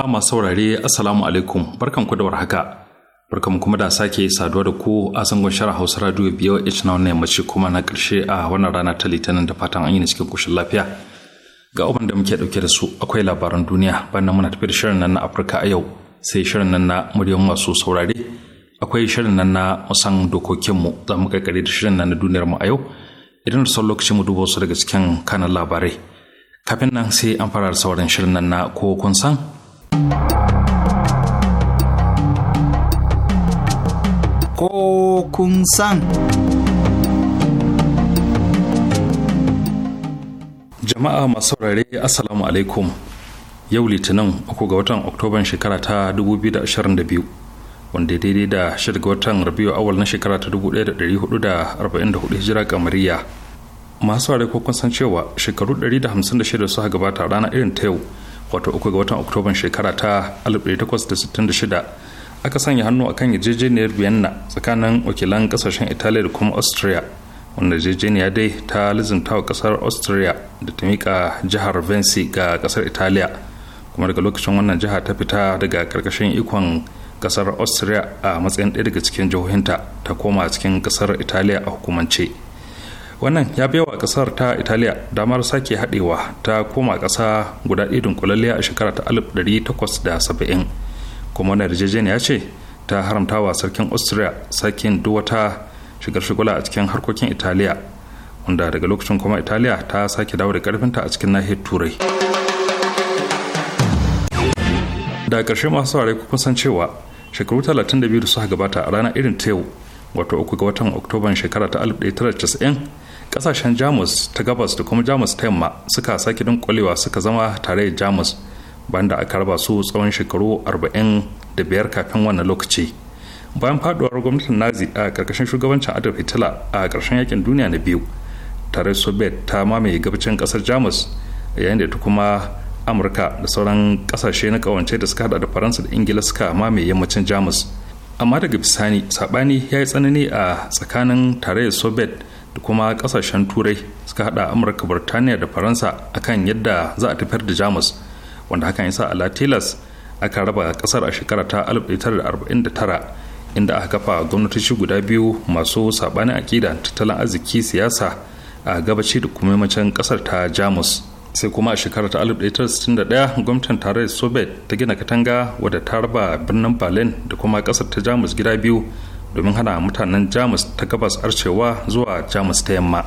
jama'a masu saurare assalamu alaikum barkan ku da warhaka barkan kuma da sake saduwa da ku a sangon shara hausa radio biyo h na wannan yammaci kuma na karshe a wannan rana ta litinin da fatan an yi cikin kushin lafiya ga abin da muke dauke da su akwai labaran duniya bannan muna tafi da shirin nan na afirka a yau sai shirin nan na muryan masu saurare akwai shirin nan na musan dokokinmu za mu kakare da shirin nan na duniyar mu a yau idan da son lokaci mu duba su daga cikin kanan labarai kafin nan sai an fara sauran shirin nan na ko kun san kun san. Jama'a masu saurare Assalamu alaikum. Yau Litinin uku ga watan Oktoban shekara ta 2022 wanda daidai da shirga watan Rabiu awal na shekara ta 1444 hijira kamariya. Masu saurare ko kun san cewa shekaru 156 suka gabata rana irin ta yau wato uku ga watan Oktoban shekara ta 1866 aka sanya hannu akan yarjejeniyar vienna tsakanin wakilan kasashen italiya da kuma austria wanda yarjejeniya dai ta lizinta wa kasar austria da ta mika jihar vinci ga kasar italiya kuma daga lokacin wannan jiha ta fita daga karkashin ikon kasar austria a matsayin ɗaya daga cikin jihohinta ta koma cikin kasar italiya a hukumance wannan ya wa kasar ta italiya damar sake haɗewa ta koma ƙasa guda ɗaya dunkulalliya a shekara ta 1870 kuma wannan yarjejeniya ce ta haramta wa sarkin austria sakin duwata shigar shigula a cikin harkokin italiya wanda daga lokacin kuma italiya ta sake dawo da karfinta a cikin nahiyar turai da karshe masu saurari kun san cewa shekaru 32 da suka gabata a ranar irin ta yau wato uku ga watan oktoban shekara ta 1990 kasashen jamus ta gabas da kuma jamus ta yamma suka sake dunkulewa suka zama tare da jamus banda aka raba su tsawon shekaru 45 kafin wannan lokaci bayan faduwar gwamnatin nazi a karkashin shugabancin adolf hitler a karshen yakin duniya na biyu tare soviet ta mamaye gabacin kasar jamus yayin da ta kuma amurka da sauran kasashe na kawance da suka hada da faransa da ingila suka mamaye yammacin jamus amma daga bisani sabani ya yi tsanani a tsakanin tarayyar soviet da kuma kasashen turai suka hada amurka burtaniya da faransa akan yadda za a tafiyar da jamus wanda hakan ya sa ala tilas aka raba kasar a shekara ta 1949 inda aka kafa gwamnatoci guda biyu masu sabanin akida tattalin arziki siyasa a gabaci da kuma kasar ta jamus sai kuma a shekara ta 1961 gwamnatin tarayyar soviet ta gina katanga wadda ta raba birnin berlin da kuma kasar ta jamus gida biyu domin hana mutanen jamus ta gabas arcewa zuwa jamus ta yamma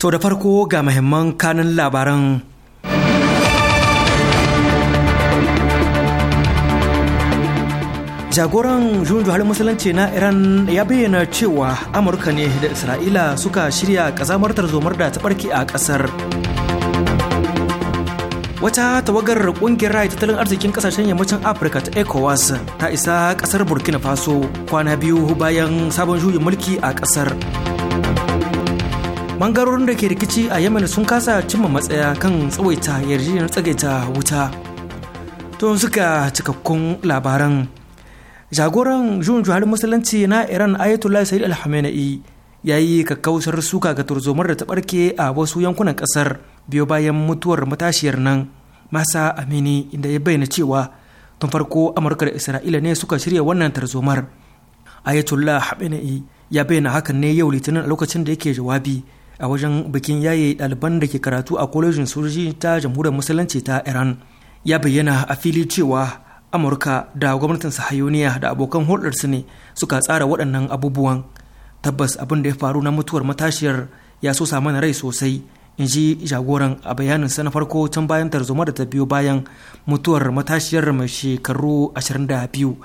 To da farko ga muhimman kanin labaran jagoran junjuhar musulunci na iran ya bayyana cewa amurka ne da isra'ila suka shirya kazamar tarzomar da ta barki a ƙasar. wata tawagar ƙungiyar rai tattalin arzikin kasashen yammacin afirka ta ecowas ta isa ƙasar burkina faso kwana biyu bayan sabon juyin mulki a ƙasar. bangarorin da ke rikici a yemen sun kasa cimma matsaya kan tsawaita yarjejeniyar tsagaita wuta to suka cikakkun labaran jagoran jun juhar musulunci na iran ayatollah sayyid al ya yi kakkausar suka ga turzomar da ta barke a wasu yankunan kasar biyo bayan mutuwar matashiyar nan masa amini inda ya bayyana cewa tun farko amurka da isra'ila ne suka shirya wannan tarzomar ayatollah hamenei ya bayyana hakan ne yau litinin a lokacin da yake jawabi a wajen bikin yaye ɗaliban da ke karatu a kwalejin sojoji ta jamhuriyar musulunci ta iran ya bayyana a fili cewa amurka da gwamnatin sahayoniya da abokan hulɗarsu ne suka tsara waɗannan abubuwan tabbas abin da ya faru na mutuwar matashiyar ya so mana rai sosai in ji jagoran a bayanin su na farko can bayan tarzoma da ta biyo bayan mutuwar matashiyar mai shekaru ashirin da biyu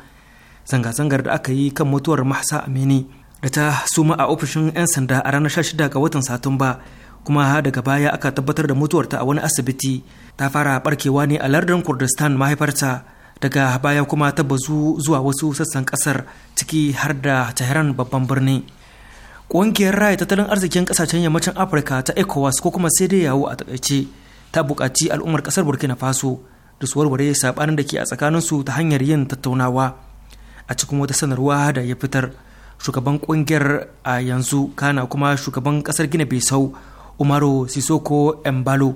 zanga-zangar da aka yi kan mutuwar mahsa amini ita suma a ofishin 'yan sanda a ranar 16 ga watan satumba kuma daga baya aka tabbatar da mutuwarta a wani asibiti ta fara barkewa ne a lardin kurdistan mahaifarta daga baya kuma ta bazu zuwa wasu sassan kasar ciki har da tehran babban birni ƙungiyar raya tattalin arzikin kasashen yammacin afirka ta ecowas ko kuma sai dai yawo a takaice ta buƙaci al'ummar kasar burkina faso da su warware saɓanin da ke a tsakanin su ta hanyar yin tattaunawa a cikin wata sanarwa da ya fitar shugaban kungiyar a yanzu kana kuma shugaban kasar gina bisau umaru sisoko embalo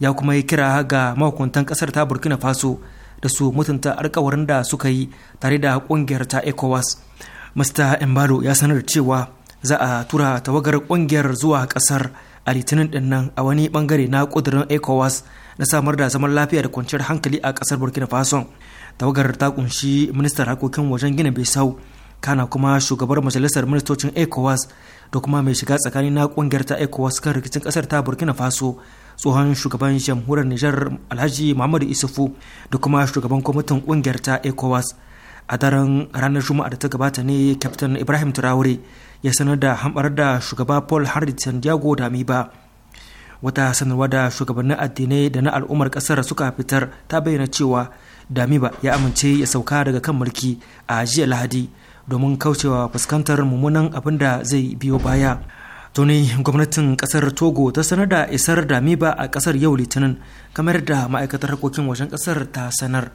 ya kuma yi kira ga mahukuntan kasar ta burkina faso da su mutunta alkawarin da suka yi tare da kungiyar ta ecowas mr embalo ya sanar cewa za a tura tawagar kungiyar zuwa kasar a litinin dinnan a wani bangare na kudurin ecowas na samar da zaman lafiya da kwanciyar hankali a kasar burkina faso tawagar ta kunshi ministan harkokin wajen gina bisau kana kuma shugabar majalisar ministocin ecowas da kuma mai shiga tsakani na kungiyar ta ecowas kan rikicin kasar ta burkina faso tsohon shugaban jamhuriyar nijar alhaji muhammadu isufu da kuma shugaban kwamitin kungiyar ta ecowas a daren ranar juma'a da ta gabata ne captain ibrahim traore ya sanar da hambar da shugaba paul harry santiago damiba wata sanarwa da shugabannin addinai da na al'ummar kasar suka fitar ta bayyana cewa damiba ya amince ya sauka daga kan mulki a jiya lahadi domin kaucewa fuskantar mummunan abin da zai biyo baya tuni gwamnatin kasar togo ta sanar da isar da miba a kasar yau litinin kamar da ma'aikatar harkokin wajen kasar ta sanar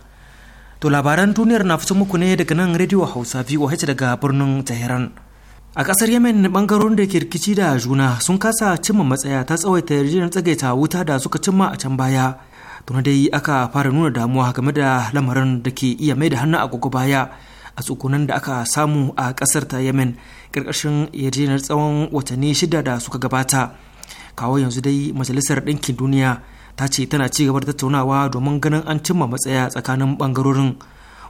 to labaran duniyar na fito muku ne daga nan rediyo hausa voh daga birnin tehran a kasar yemen bangarorin da ke rikici da juna sun kasa cimma matsaya ta tsawaita yarjejeniyar tsagaita wuta da suka cimma a can baya tuna dai aka fara nuna damuwa game da lamarin da ke iya mai da hannu a baya a tsukunan da aka samu a kasar ta yemen karkashin yarjejeniyar tsawon watanni shida da suka gabata kawo yanzu dai majalisar ɗinkin duniya ta ce tana ci gaba da tattaunawa domin ganin an cimma matsaya tsakanin ɓangarorin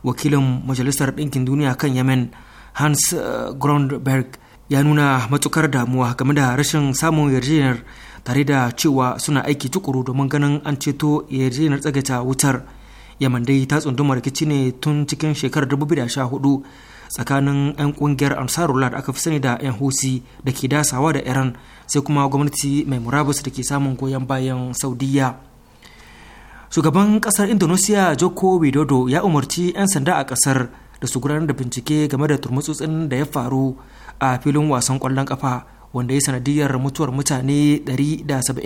wakilin majalisar ɗinkin duniya kan yemen hans eh, grundberg ya nuna matukar damuwa game da rashin samun yarjejeniyar tare da cewa suna aiki tukuru domin ganin an ceto yarjejeniyar tsagaita wutar yaman dai ta tsunduma rikici ne tun cikin shekarar 2014 tsakanin 'yan kungiyar ansarullah da aka fi sani da 'yan husi da ke dasawa da iran sai kuma gwamnati mai murabus da ke samun goyon bayan saudiya shugaban kasar indonesia joko widodo ya umarci 'yan sanda a kasar da su gudanar da bincike game da turmutsutsin da ya faru a filin wasan kwallon kafa wanda ya sanadiyar mutuwar mutane 174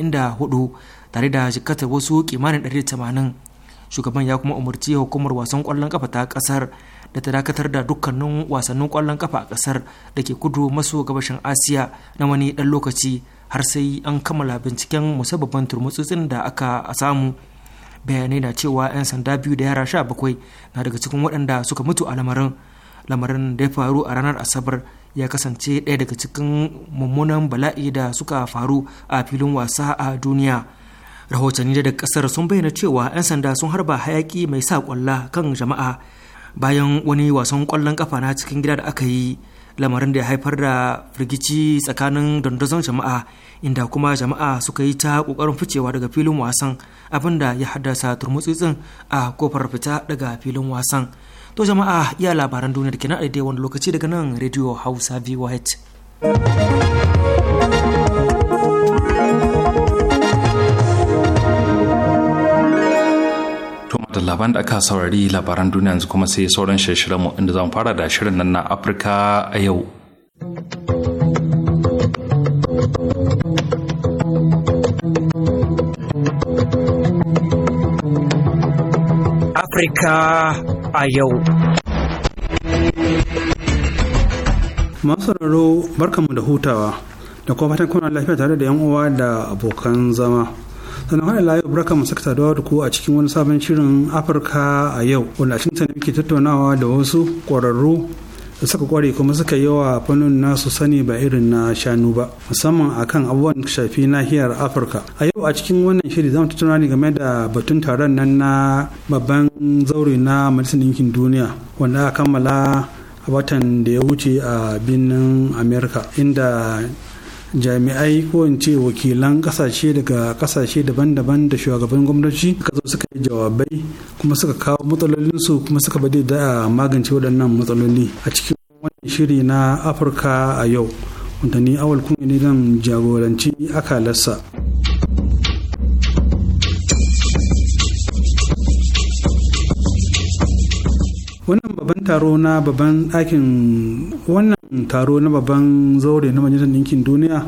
tare da jikatar wasu kimanin 180 shugaban ya kuma umarci hukumar wasan kwallon kafa ta kasar da ta dakatar da dukkanin wasannin kwallon kafa a kasar da ke kudu maso gabashin asiya na wani dan lokaci har sai an kammala binciken musabbaban turmutsutsin da aka samu bayanai na cewa 'yan sanda biyu da yara sha bakwai na daga cikin waɗanda suka mutu a lamarin lamarin da ya faru a ranar asabar ya kasance ɗaya daga cikin mummunan bala'i da suka faru a filin wasa a duniya rahotanni da kasar sun bayyana cewa 'yan sanda sun harba hayaki mai sa kwalla kan jama'a bayan wani wasan kwallon kafa na cikin gida da aka yi lamarin da ya haifar da firgici tsakanin dandazon jama'a inda kuma jama'a suka yi ta kokarin ficewa daga filin wasan abinda ya haddasa turmutsitsin a kofar fita daga filin wasan to jama'a iya labaran duniya da ke na daidai wani lokaci daga nan radio hausa voh da labaran da aka saurari labaran duniya yanzu kuma sai sauran shirye-shiryen mu inda zan fara da shirin nan na Afirka a yau. Afirka a yau. Masu barkanmu da hutawa da kuma fatan kuna lafiya tare da 'yan uwa da abokan zama. sannan har ila yau barka mu saka da ku a cikin wani sabon shirin afirka a yau wanda a cikin muke tattaunawa da wasu kwararru da suka kware kuma suka yi wa fannin nasu sani ba irin na shanu ba musamman akan abubuwan shafi nahiyar afirka a yau a cikin wannan shirin zamu tattauna ne game da batun taron nan na babban zaure na majalisar ɗinkin duniya wanda aka kammala a watan da ya wuce a birnin america inda jami'ai ko in ce wakilan kasashe daga kasashe daban-daban da shugaban gwamnati suka zo suka yi jawabai kuma suka kawo matsalolinsu kuma suka bade da a magance waɗannan matsaloli a cikin wani shiri na afirka a yau wanda ni awal kuma ne zan jagoranci akalarsa wannan babban taro na babban ɗakin wannan Mm, taro na babban zaure na majalisar ɗinkin duniya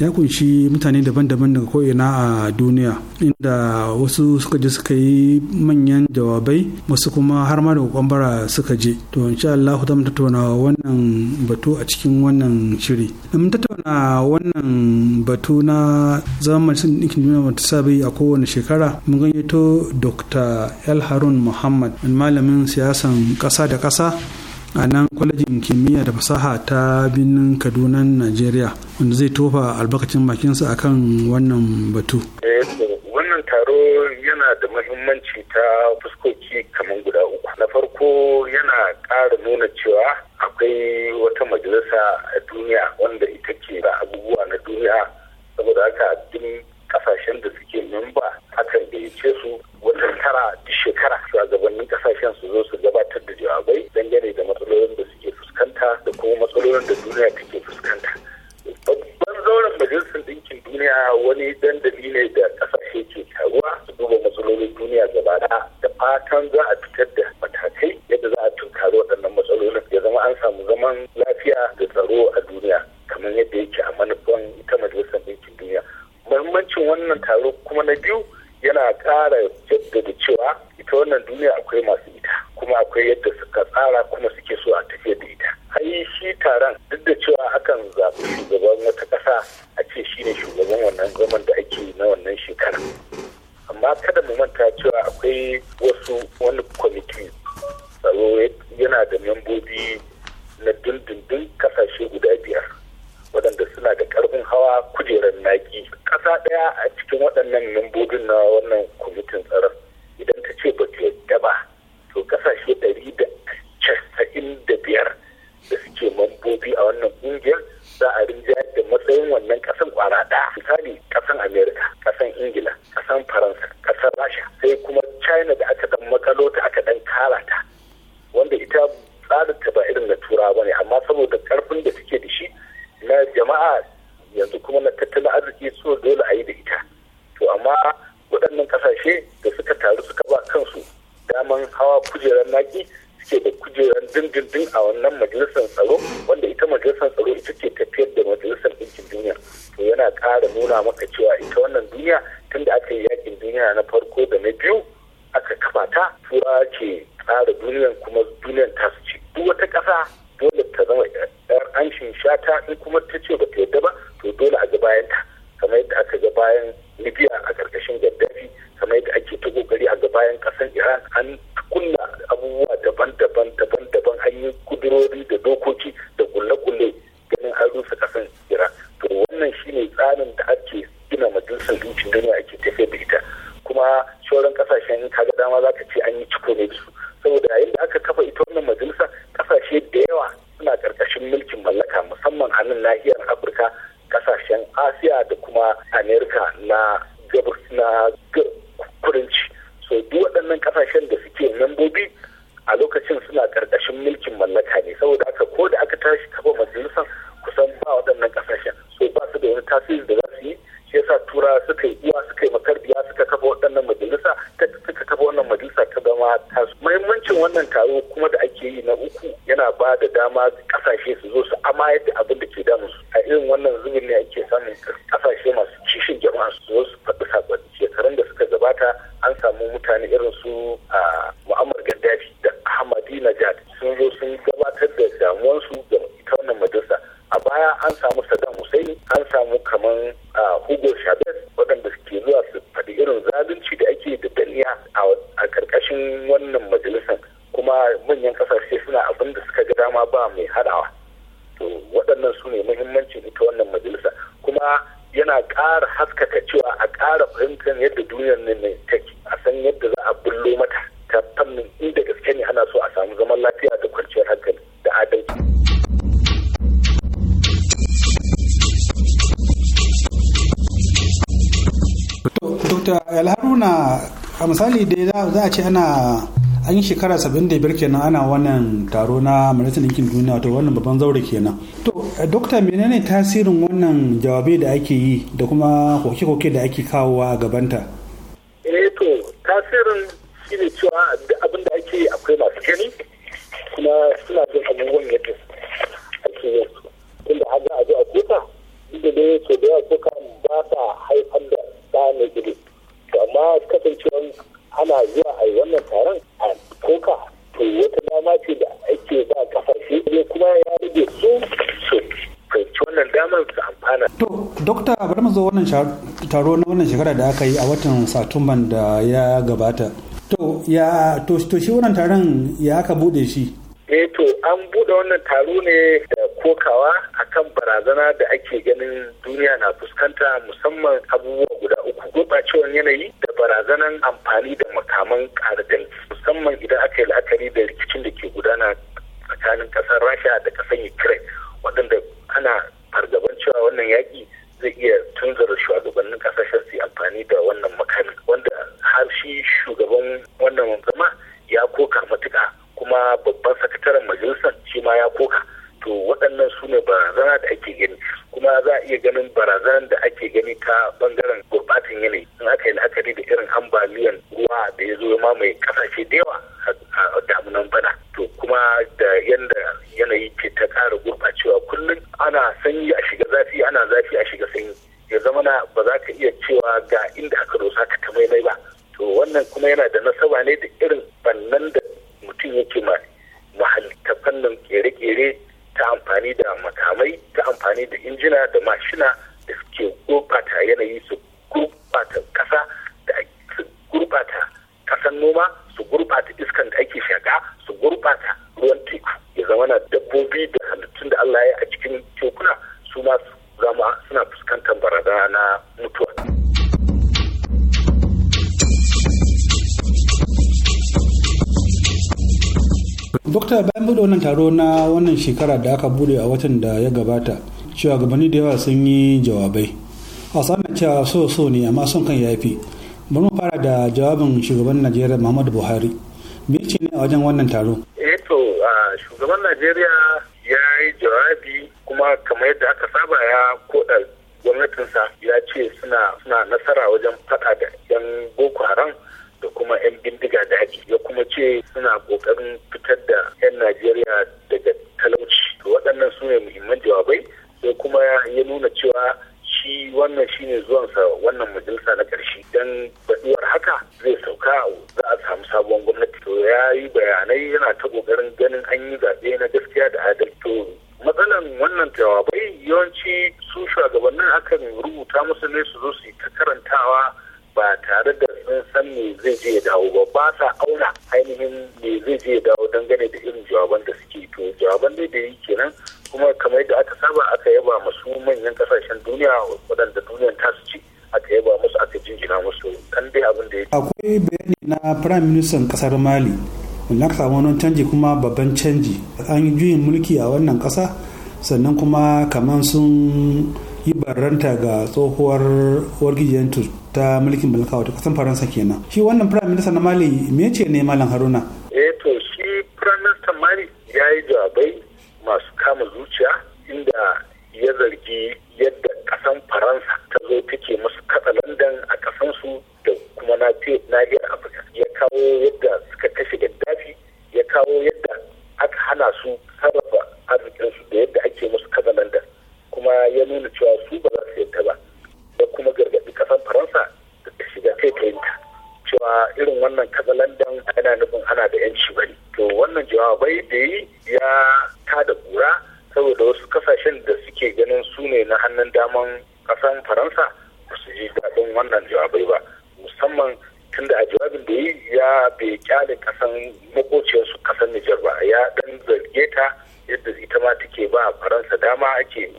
ya kunshi mutane daban-daban daga ko'ina a duniya inda wasu suka je suka yi manyan jawabai wasu kuma har ma da kwambara suka je to insha Allah za tattauna wannan batu a cikin wannan shiri mun tattauna wannan batu na zaman majalisar ɗinkin duniya mata sabi a kowane shekara mun gayyato Dr. El Harun Muhammad malamin siyasan kasa da kasa a nan kwalejin kimiyya da fasaha ta birnin kaduna najeriya wanda zai tofa albarkacin bakinsa kan wannan batu eh, wannan taro yana da mahimmanci ta fuskoki kamar guda uku na farko yana ƙara nuna cewa akwai wata majalisa a duniya wanda ita ke da abubuwa na duniya saboda haka duk ƙasashen da suke memba hakan ce su wata tara duk shekara shugabannin kasashen su zo su gabatar da jawabai dangane da matsalolin da suke fuskanta da kuma matsalolin da duniya take fuskanta babban zauren majalisar ɗinkin duniya wani dandali ne da ƙasashe ke taruwa su duba matsalolin duniya gaba da fatan za a libya a ƙarƙashin gaddafi kamar yadda ake ta kokari a gabayan ƙasar iran an kunna abubuwa daban-daban daban-daban hanyoyin kudurori da dokoki misali da za a ce ana an yi shekara 75 kenan ana wannan taro na majalisar ɗinkin duniya to wannan babban zaure kenan to dokta menene tasirin wannan jawabai da ake yi da kuma koke-koke da ake kawo a gabanta eh to tasirin shine cewa abin da ake yi akwai masu gani kuma suna jin abubuwan yadda ake yi inda har za a zo a kuka inda dai so da yawa ba sa haifar da ba mai gidi to amma kasancewan ana zuwa a wannan taron a koka to wata dama ce da ake ba kasashe ne kuma ya rage su su fahimci wannan damar su amfana. to dokta bari mu zo wannan taro na wannan shekara da aka yi a watan satumban da ya gabata to ya to shi wannan taron ya aka bude shi eh to an bude wannan taro ne kokawa akan barazana da ake ganin duniya na fuskanta musamman abubuwa guda uku gurɓacewar yanayi da barazanan amfani da makaman ƙarfin musamman idan aka yi la'akari da rikicin da ke gudana tsakanin ƙasar rasha da ƙasar ukraine waɗanda ana fargaban cewa wannan yaƙi zai iya tunzura shugabannin ƙasashen su amfani da wannan makami wanda har shi shugaban wannan zama ya koka matuƙa kuma babban sakataren majalisar shi ma ya koka to waɗannan su ne barazana da ake gani kuma za a iya ganin barazanar da ake gani ta bangaren gurbatin yanayi in aka yi la'akari da irin ambaliyan ruwa da ya zo ya mamaye kasashe da yawa a damunan bana to kuma da yanda yanayi ke ta ƙara gurɓacewa kullum ana sanyi a shiga zafi ana zafi a shiga sanyi ya zama na ba za ka iya cewa ga inda aka dosa ka ta maimai ba to wannan kuma yana da nasaba ne da irin bannan da mutum yake ma mahalli ta fannin kere-kere ta amfani da makamai ta amfani da injina da mashina da suke gurɓata yanayi su gurɓata ƙasa da su gurɓata ƙasan noma su gurɓata iskan da ake shaka su gurɓata ruwan teku ya zama na dabbobi da wannan taro na wannan shekara da aka bude a watan da ya gabata cewa gabani da yawa sun yi jawabai a samun cewa so so ne amma son kan yafi bari mu fara da jawabin shugaban najeriya muhammadu buhari me ce ne a wajen wannan taro eto eh a shugaban najeriya ya yi jawabi kuma kamar yadda aka saba ya koda gwamnatinsa ya ce suna suna nasara wajen faɗa da firayim ministan kasar mali wanda aka samu wani canji kuma babban canji an yi juyin mulki a wannan kasa sannan kuma kamar sun yi barranta ga tsohuwar wargijiyar ta mulkin balka wata kasan faransa kenan shi wannan firayim minister na mali me ce ne malam haruna eh to shi firayim minister mali ya yi jawabai masu kama zuciya inda ya zargi yadda kasan faransa ta zo take musu katsalandan a kasansu da kuma na nahiyar kawo yadda suka kashe gaddafi ya kawo yadda aka hana su sarrafa arzikinsu da yadda ake musu kazalanda kuma ya nuna cewa su ba za su yadda ba da kuma gargaɗi kasan faransa da ta shiga kai ta cewa irin wannan kazalandan ana nufin ana da yanci ba to wannan jawabai da yi ya tada kura saboda wasu kasashen da suke ganin su ne na hannun daman kasan faransa ba su ji daɗin wannan jawabai ba musamman tunda a jawabin da yi ya bai kyale kasan makociyarsu kasan Nijar ba ya dan zarge ta yadda ita ma take ba faransa dama ake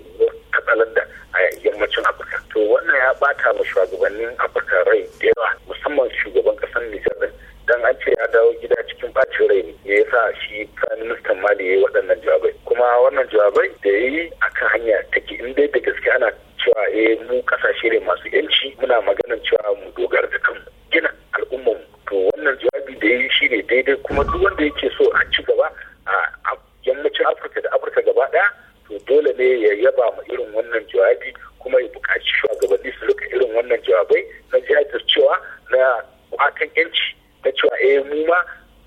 katsalar da a yammacin afirka to wannan ya bata ma shugabannin afirka rai da yawa musamman shugaban kasar nijar din dan an ce ya dawo gida cikin bacin rai ne ya sa shi prime minister mali yayi waɗannan jawabai kuma wannan jawabai da yayi akan hanya take in dai da gaske ana cewa eh mu kasashe ne masu yanci muna maganar cewa mu dogara da kanmu gina al'ummar to wannan jawabi da ya shi ne daidai kuma duk wanda yake so a ci gaba a yammacin afirka da afirka gaba daya to dole ne ya yaba ma irin wannan jawabi kuma ya bukaci shugabanni su rika irin wannan jawabai na jihar cewa na kwakan yanci na cewa eh mu ma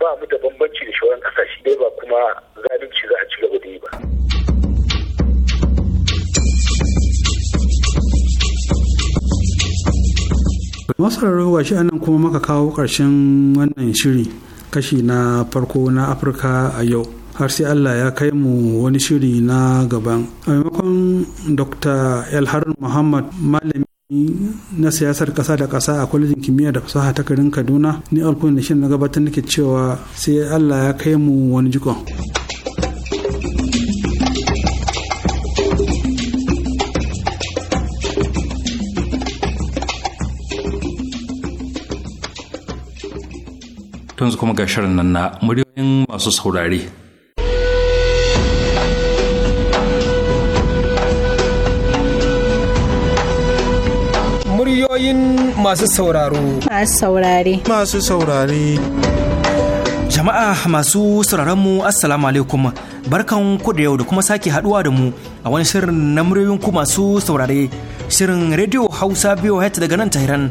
ba mu da bambanci da shauran kasashe dai ba kuma zalunci za a ci gaba da yi ba. ruwa shi anan kuma maka kawo ƙarshen wannan shiri kashi na farko na afirka a yau har sai allah ya kai mu wani shiri na gaban a maimakon dr elhar muhammad malami na siyasar kasa da kasa a kwalejin kimiyya da fasaha ta garin kaduna ni alkun da na gabatar nake cewa sai allah ya kai mu wani jikon. yanzu kuma ga shirin nan na muryoyin masu saurare. Muryoyin masu sauraro. Masu saurare. Masu saurare. Jama'a masu sauraron mu Assalamu alaikum. Barkan ku da yau da kuma sake haduwa da mu a wani shirin na muryoyin ku masu saurare. Shirin Radio Hausa biyu daga nan Tehran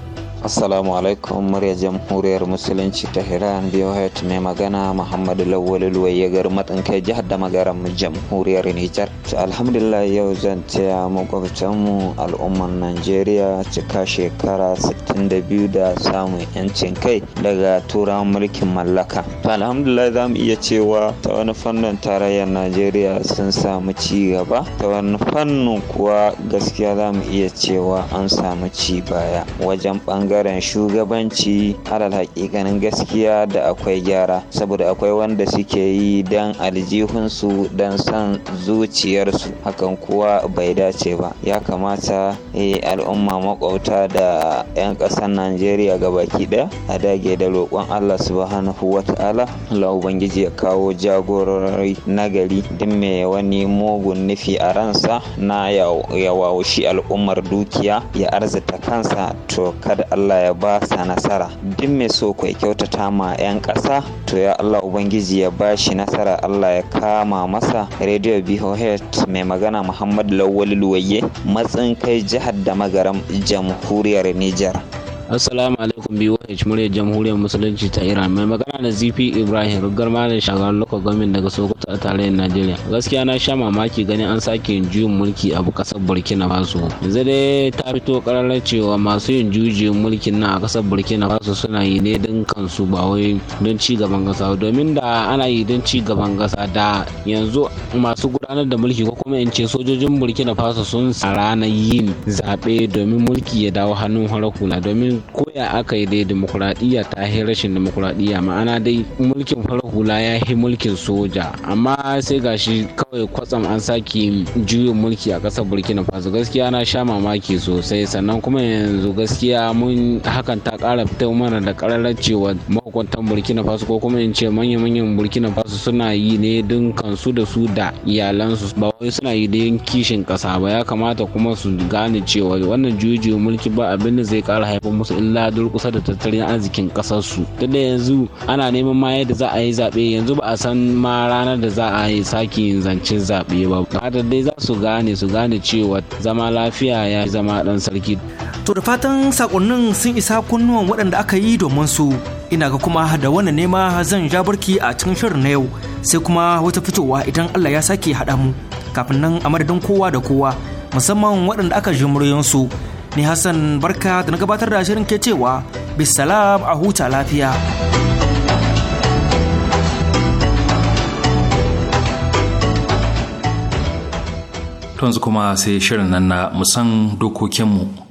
Assalamu alaikum murya jamhuriyar musulunci ta Iran Biyohet mai magana Muhammadu Lawal Luwayyagar matsin jihar da magaran jamhuriyar Nijar. To alhamdulillah yau zan taya makwabtanmu al'ummar Najeriya cika shekara 62 da samun yancin kai daga turawan mulkin mallaka. To alhamdulillah za mu iya cewa ta wani fannin tarayyar Najeriya sun samu ci gaba ta wani fannin kuwa gaskiya za mu iya cewa an samu ci baya wajen bangare. ɓangaren shugabanci alal hakikanin gaskiya da akwai gyara saboda akwai wanda suke yi don aljihunsu don son zuciyarsu hakan kuwa bai dace ba ya kamata eh, al'umma makwauta da 'yan ƙasar najeriya baki ɗaya a dage da roƙon allah subhanahu ta'ala allah ubangiji ya kawo jagorori nagari duk mai wani mugun nufi a ransa na yawawushi al'ummar dukiya ya arzita kansa to kada Allah ya ba sa nasara duk mai so ku kyautata ma 'yan ƙasa to ya Allah ubangiji ya ba shi nasara Allah ya kama masa radio bihohet mai magana Muhammad Lawal Luwaye matsin kai jihar da magaram jamhuriyar Nijar. Assalamu alaikum BOH muryar jamhuriyar musulunci ta Iran mai magana da ZP Ibrahim rugar malam shagarar lokacin gamin daga Sokoto a tarayyar Najeriya. Gaskiya na sha mamaki ganin an sake yin juyin mulki a kasar Burkina Faso. Yanzu dai ta fito kararar cewa masu yin juyin mulkin nan a kasar Burkina Faso suna yi ne don kansu ba wai don ci gaban kasa domin da ana yi don ci gaban kasa da yanzu masu gudanar da mulki ko kuma in ce sojojin Burkina Faso sun ranar yin zaɓe domin mulki ya dawo hannun hula domin koya aka yi dai demokuraɗiyya ta yi rashin demokuraɗiyya ma'ana dai mulkin farar hula ya yi mulkin soja amma sai gashi kawai kwatsam an sake juyin mulki a ƙasar burkina faso gaskiya na sha mamaki sosai sannan kuma yanzu gaskiya mun hakan ta ƙara fita mana da ƙararrar cewa mahukuntan burkina faso ko kuma in ce manya-manyan burkina faso suna yi ne don kansu da su da iyalansu ba wai suna yi don kishin ƙasa ba ya kamata kuma su gane cewa wannan juyin mulki ba abin da zai ƙara haifar musu su illa kusa da tattalin arzikin kasar su duk da yanzu ana neman ma yadda za a yi zaɓe yanzu ba a san ma ranar da za a yi sake yin zancen zaɓe ba da dai za su gane su gane cewa zama lafiya ya zama dan sarki to da fatan sakonnin sun isa kunnuwan waɗanda aka yi domin su ina ga kuma da wannan nema zan ja barki a cikin shirin na yau sai kuma wata fitowa idan Allah ya sake haɗa mu kafin nan a madadin kowa da kowa musamman waɗanda aka ji su ni Hassan barka da na gabatar da shirin ke cewa bisalam a huta lafiya. Tunzu kuma sai shirin nan na musan dokokinmu.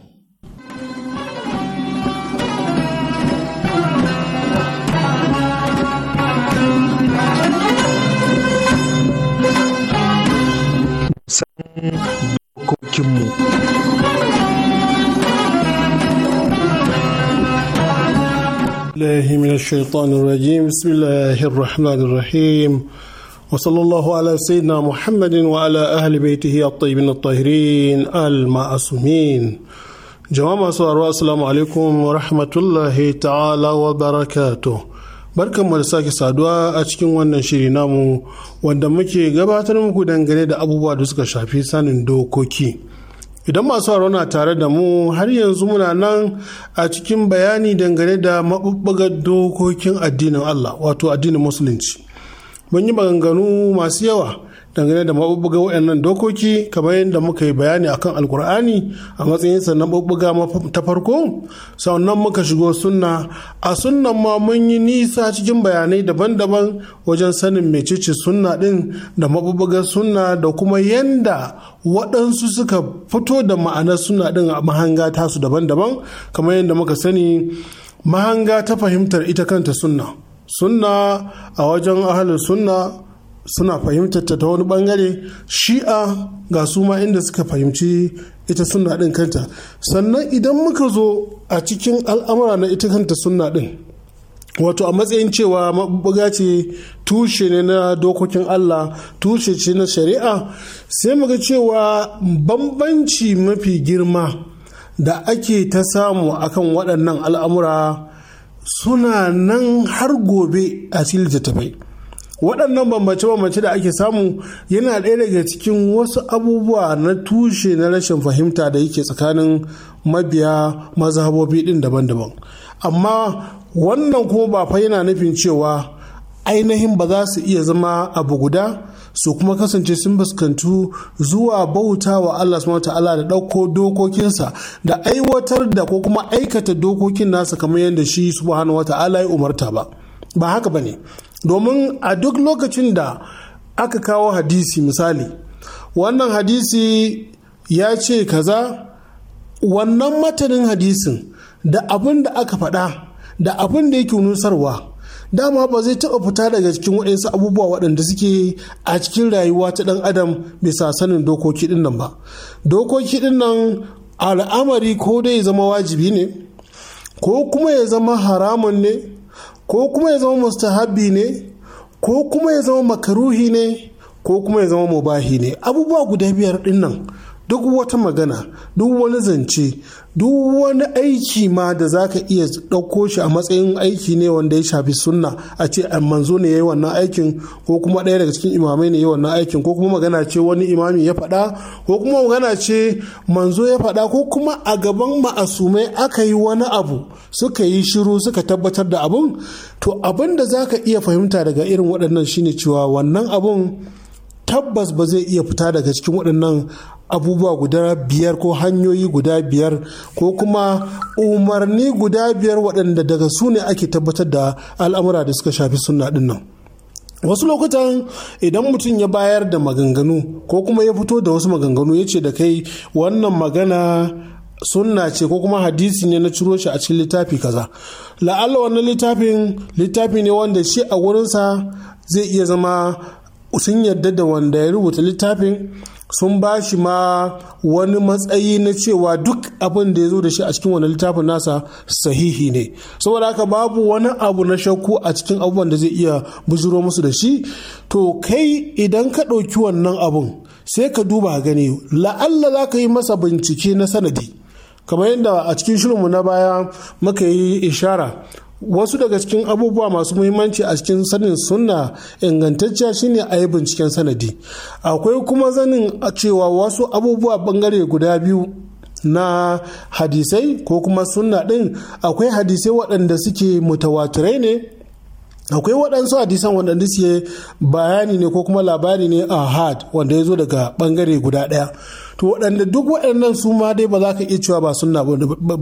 من الشيطان الرجيم بسم الله الرحمن الرحيم وصلى الله على سيدنا محمد وعلى أهل بيته الطيبين الطاهرين المعصومين جماعة سواروا السلام عليكم ورحمة الله تعالى وبركاته barkanmu da sake saduwa a cikin wannan shiri namu wanda muke gabatar muku dangane da abubuwa da suka shafi sanin dokoki idan masu na tare da mu har yanzu muna nan a cikin bayani dangane da maɓuɓɓugar dokokin addinin Allah wato addinin musulunci mun yi maganganu masu yawa dangane da mabubbuga waɗannan dokoki kamar yadda muka yi bayani akan alkur'ani a matsayin sannan mabubbuga ta farko sannan muka shigo sunna a sunnan ma mun yi nisa cikin bayanai daban-daban wajen sanin mecece sunna din da mabubbugar sunna da kuma yanda waɗansu suka fito da ma'ana sunna din a mahanga tasu daban-daban kamar yadda muka sani mahanga ta fahimtar ita kanta sunna sunna a wajen ahalin sunna suna fahimtar ta wani bangare shi'a ga su ma inda suka fahimci ita suna din kanta sannan idan muka zo a cikin al'amura na ita kanta suna din wato a matsayin cewa mabuga ce tushe ne na dokokin Allah tushe ce na shari'a sai muga cewa bambanci mafi girma da ake ta samu akan waɗannan al'amura suna nan har gobe a cikin littattafai. waɗannan bambance-bambance da ake samu yana ɗaya daga cikin wasu abubuwa na tushe na rashin fahimta da yake tsakanin mabiya mazhabobi ɗin daban-daban amma wannan kuma ba fa yana nufin cewa ainihin ba za su iya zama abu guda su kuma kasance sun fuskantu zuwa bauta wa Allah subhanahu ta'ala da ɗauko dokokinsa da aiwatar da ko kuma aikata dokokin nasa kamar yadda shi subhanahu wata, ta'ala ya umarta ba ba haka ba ne. domin a duk lokacin da aka kawo hadisi misali wannan hadisi ya ce kaza wannan matanin hadisin da abin da aka faɗa da abin da yake nusarwa dama ba zai taɓa fita daga cikin waɗansu abubuwa waɗanda suke a cikin rayuwa ta ɗan adam bisa sanin dokoki ɗin nan ba dokoki ɗin nan al'amari ko dai zama wajibi ne ko kuma ya zama haramun ne ko kuma ya zama mustahabbi ne ko kuma ya zama makaruhi ne ko kuma ya zama mubahi ne abubuwa guda biyar dinnan duk wata magana duk wani zance duk wani aiki ma da za ka iya ɗauko shi a matsayin aiki ne wanda ya shafi sunna a ce a ah, manzo ne ya yi wannan aikin ko kuma ɗaya daga cikin imamai ne ya yi wannan aikin ko kuma magana ce wani imami ya faɗa ko kuma magana ce manzo ya faɗa ko kuma a gaban ma'asumai aka yi wani abu suka yi shiru suka tabbatar da abun to abin da za ka iya fahimta daga irin waɗannan shine cewa wannan abun tabbas ba zai iya fita daga cikin waɗannan abubuwa guda biyar ko hanyoyi guda biyar ko kuma umarni guda biyar waɗanda daga su ne ake tabbatar da al'amura da suka shafi sunna ɗin wasu lokutan idan mutum ya bayar da maganganu ko kuma ya fito da wasu maganganu ya ce da kai wannan magana sunna ce ko kuma hadisi ne na ciro shi a cikin littafi kaza la'alla wannan littafin littafi ne wanda shi a wurinsa zai iya zama sun yarda da wanda ya rubuta littafin sun ba shi ma wani matsayi na cewa duk abin da ya zo da shi a cikin wani littafin nasa sahihi ne saboda haka babu wani abu na shakku a cikin abubuwan da zai iya buzuro musu da shi to kai idan ka ɗauki wannan abun sai ka duba gani la'alla za ka yi masa bincike na sanadi kamar yadda a cikin shirinmu na baya muka yi ishara wasu daga cikin abubuwa masu muhimmanci a cikin sanin sunna ingantacciya shine a yi binciken sanadi akwai kuma zanin a cewa wasu abubuwa bangare guda biyu na hadisai ko kuma sunna ɗin akwai hadisai waɗanda suke mutawatirai ne akwai waɗansu hadisan waɗanda suke bayani ne ko kuma labari ne a had wanda ya zo daga bangare guda ɗaya to waɗanda duk waɗannan su ma dai ba za ka iya cewa ba sunna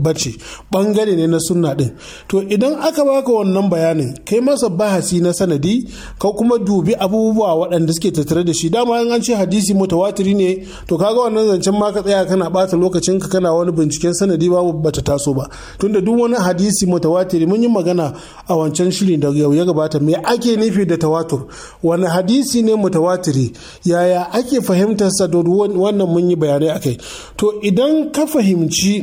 ba ce ɓangare ne na sunna ɗin to idan aka baka wannan bayanin kai masa bahasi na sanadi ka kuma dubi abubuwa waɗanda suke tattare da shi dama in an ce hadisi mutawatiri ne to kaga wannan zancen ma ka tsaya kana ɓata lokacin ka kana wani binciken sanadi ba bata taso ba tunda duk wani hadisi mutawatiri mun yi magana a wancan shiri da yau ya gabata me ake nufi da tawatur wani hadisi ne mutawatiri yaya ake fahimtar sa wannan mun yi bayani bayanai akai to idan ka fahimci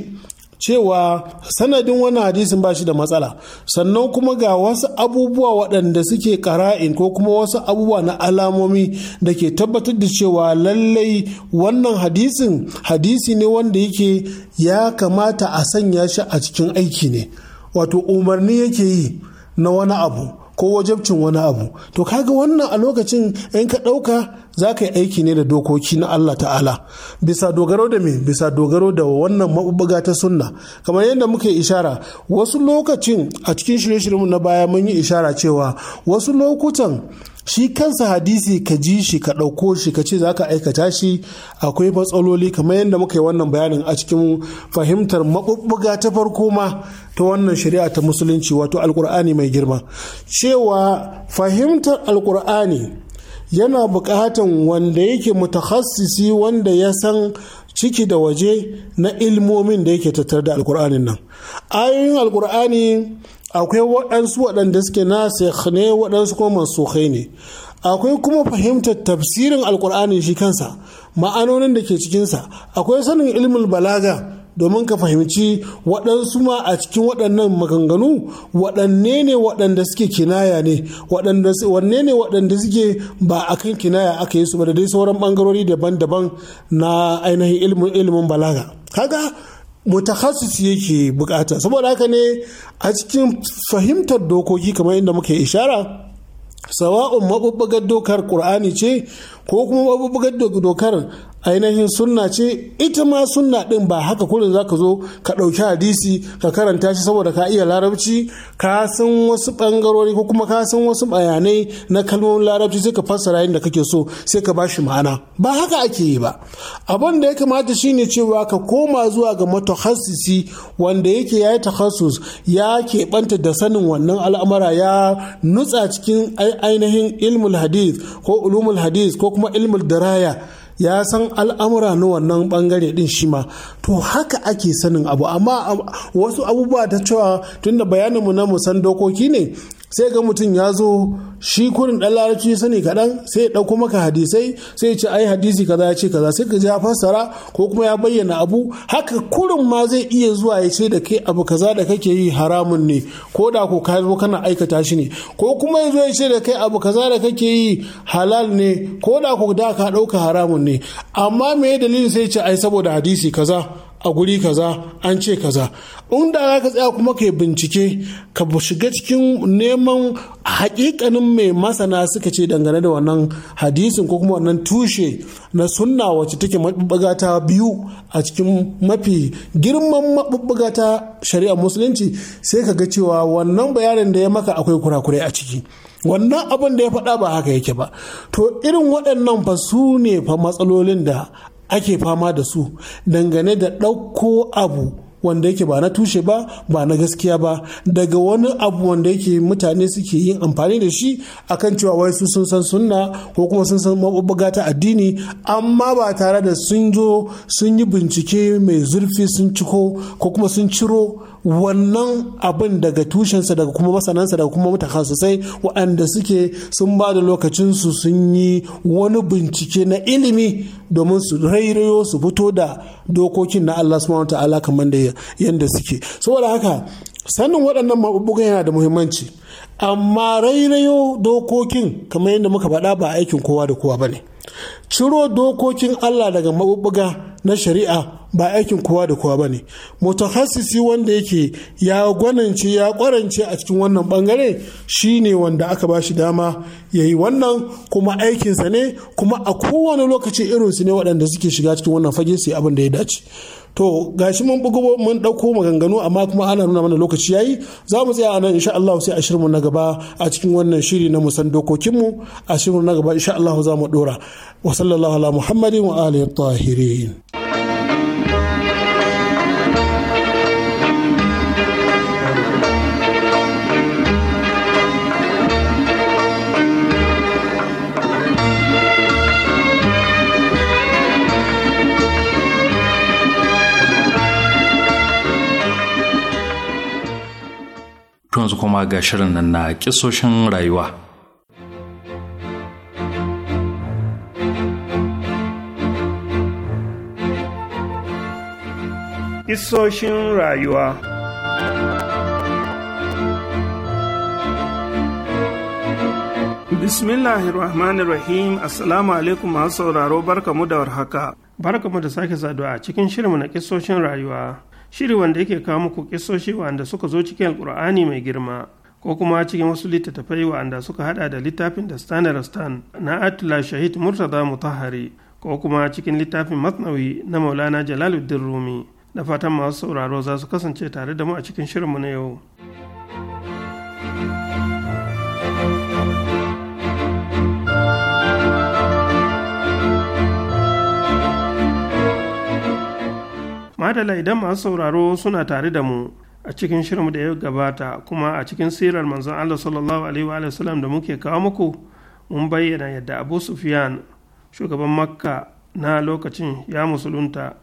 cewa sanadin wani hadisin ba shi da matsala sannan kuma ga wasu abubuwa waɗanda suke ƙara'in ko kuma wasu abubuwa na alamomi da ke tabbatar da cewa lallai wannan hadisin hadisi ne wanda yake ya kamata a sanya shi a cikin aiki ne wato umarni yake yi na wani abu ko wajabcin wani abu to kaga wannan a lokacin in ka ɗauka za ka yi aiki ne da dokoki na Allah ta'ala bisa dogaro da me bisa dogaro da wannan mabubuga ta sunna kamar yadda muka yi ishara wasu lokacin a cikin shirye-shiryenmu na baya mun yi ishara cewa wasu lokutan shi kansa hadisi ka ji shi ka ɗauko shi ka ce za ka aikata shi akwai matsaloli kamar yadda muka yi wannan bayanin a cikin fahimtar maɓuɓɓuga ta farko ma ta wannan shari'a ta musulunci wato alkur'ani mai girma cewa fahimtar alkur'ani yana buƙatan wanda yake mutakhassisi wanda ya san ciki da waje na ilmomin da yake tattar da alkur'anin nan ayoyin alkur'ani akwai waɗansu waɗanda suke nasikh ne waɗansu kuma sokai ne akwai kuma fahimtar tafsirin alkur'anin shi kansa ma'anonin da ke cikinsa akwai sanin ilmin balaga domin ka fahimci waɗansu ma a cikin waɗannan maganganu waɗanne ne waɗanda suke kinaya ne waɗanne ne waɗanda suke ba a kan kinaya aka yi su ba da dai sauran ɓangarori daban-daban na ainihin ilimin balaga kaga mutakhasis yake bukata saboda haka ne a cikin fahimtar dokoki kamar inda muke ishara sawa'un maɓuɓɓugar dokar ƙur'ani ce ko kuma babu bugar dokar ainihin sunna ce ita ma sunna din ba haka kurin zaka zo ka ɗauki hadisi ka karanta shi saboda ka iya larabci ka san wasu ɓangarori ko kuma ka san wasu bayanai na kalmomin larabci sai ka fassara da kake so sai ka bashi ma'ana ba haka ake yi ba abin da ya kamata shine cewa ka koma zuwa ga matakhassisi wanda yake ya yi tahassus ya keɓanta da sanin wannan al'amura ya nutsa cikin ainihin ilmul hadith ko ulumul hadith ko kuma ilmul daraya ya san al'amura na wannan bangare din shi ma to haka ake sanin abu amma wasu abubuwa ta cewa tunda bayaninmu na musan dokoki ne sai ga mutum ya zo shi kurin dan larabci sani kaɗan sai ya ɗauko maka hadisai sai ya ce ai hadisi kaza ya ce kaza sai ka ji ya fassara ko kuma ya bayyana abu haka kurin ma zai iya zuwa ya ce da kai abu kaza da kake yi haramun ne ko da ko ka zo kana aikata shi ne ko kuma ya zo ya ce da kai abu kaza da kake yi halal ne ko da ko da ka ɗauka haramun ne amma me dalilin sai ya ce ai saboda hadisi kaza a guri kaza an ce kaza in da za ka tsaya kuma ka bincike ka shiga cikin neman hakikanin mai masana suka ce dangane da wannan hadisin ko kuma wannan tushe na sunna wacce take maɓuɓɓuga ta biyu a cikin mafi girman maɓuɓɓuga ta shari'a musulunci sai ka ga cewa wannan bayanin da ya maka akwai kurakurai a ciki wannan abin da ya faɗa ba haka yake ba to irin waɗannan fa su ne fa matsalolin da ake fama da su dangane da ɗauko abu wanda yake ba na tushe ba ba na gaskiya ba daga wani abu wanda yake mutane suke yin amfani da shi akan cewa wai su sun san sunna ko kuma sun san mabubbuga ta addini amma ba tare da sun zo sun yi bincike mai zurfi sun ciko ko kuma sun ciro wannan abin daga tushensa daga kuma masanansa daga kuma mutaka sosai waɗanda suke sun ba da lokacinsu sun yi wani bincike na ilimi domin su rairayo su fito da dokokin na Allah subhanahu ta'ala kamar da yadda suke saboda haka sanin waɗannan maɓuɓɓukan yana da muhimmanci amma rairayo dokokin kamar yadda muka faɗa ba aikin kowa da kowa ba ne ciro dokokin allah daga maɓuɓɓuga na shari'a ba aikin kowa da kowa ba ne mutahassisi wanda yake ya gwanance ya kwarance a cikin wannan bangare shine wanda aka ba shi dama ya yi wannan kuma aikinsa ne kuma a kowane lokaci irinsu ne waɗanda suke shiga cikin wannan fage su abin da ya dace to gashi mun bugu mun dauko maganganu amma kuma ana nuna mana lokaci yayi za mu tsaya nan insha Allah sai a shirmu na gaba a cikin wannan shiri na musan dokokin mu a shirmu na gaba insha Allah za mu dora wa sallallahu ala muhammadin wa alihi tahirin To yanzu kuma ga shirin nan na kisoshin rayuwa. Kisoshin rayuwa Bismillahirrahmanirrahim Assalamu alaikum masu sauraro barkamu da warhaka. Barkamu da sake saduwa a cikin shirin na kisoshin rayuwa. shiri wanda yake kawo muku kisoshi wanda suka zo cikin alkur'ani mai girma ko kuma cikin wasu littattafai wanda suka hada da littafin da standard stan na atla shahid murtaza mutahari ko kuma cikin littafin matnawi na maulana jalaluddin rumi na fatan masu sauraro za su kasance tare da mu a cikin shirinmu na yau. madala idan masu sauraro suna tare da mu a cikin shirinmu da ya gabata kuma a cikin sirar manzon Allah sallallahu alaihi wa sallam da muke kawo muku mun bayyana yadda Abu Sufyan shugaban Makka na lokacin ya musulunta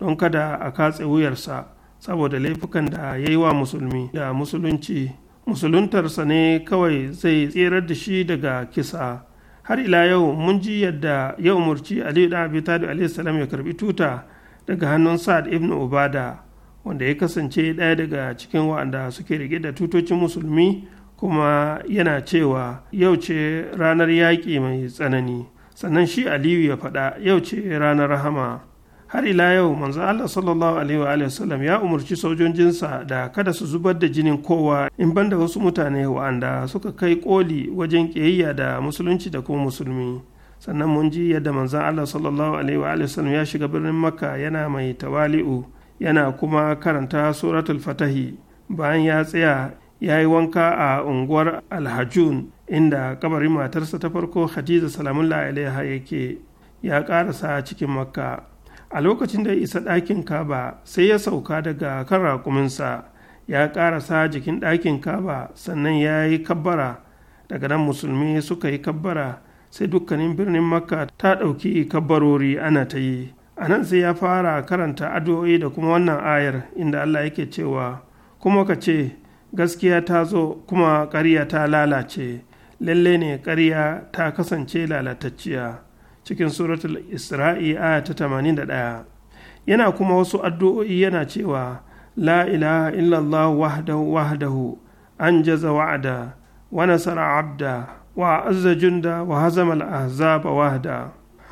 don kada a katse wuyarsa saboda laifukan da ya yi wa musulmi da musulunci musuluntarsa ne kawai zai tserar da shi daga kisa har ila yau mun ji yadda ya umarci aliyu da abi talib ya karbi tuta daga hannun sa'ad ibn ubada wanda ya kasance ɗaya daga cikin wa'anda suke rike da tutocin musulmi kuma yana cewa yau ce ranar yaƙi mai tsanani sannan shi aliyu ya faɗa yau ce ranar rahama har ila yau manzo Allah sallallahu alaihi wa sallam ya umarci sojojinsa da kada su zubar da jinin kowa in banda wasu mutane wa'anda suka kai koli wajen ƙiyayya da musulunci da kuma musulmi sannan mun ji yadda manzan Allah sallallahu alaihi wa sallam ya shiga birnin makka yana mai tawali'u yana kuma karanta suratul fatahi bayan ya tsaya ya yi wanka a unguwar alhajun inda kabarin matarsa ta farko hadiza salamun alaiha yake ya karasa cikin makka a lokacin da isa ɗakin kaba sai ya sauka daga kan raƙuminsa ya karasa jikin ɗakin kaba sannan ya yi kabbara daga nan musulmi suka yi kabbara sai dukkanin birnin makka ta ɗauki kabbarori ana ta yi a nan sai ya fara karanta addu'o'i da kuma wannan ayar inda allah yake cewa kuma ka ce gaskiya ta zo kuma ƙarya ta lalace lalle ne ƙarya ta kasance lalatacciya cikin suratul isra'i aya da ɗaya. yana kuma wasu addu'o'i yana cewa la ilaha illallah wahdahu wahdahu an jaza wa'ada wa nasara abda wa azza junda wa hazama al wahda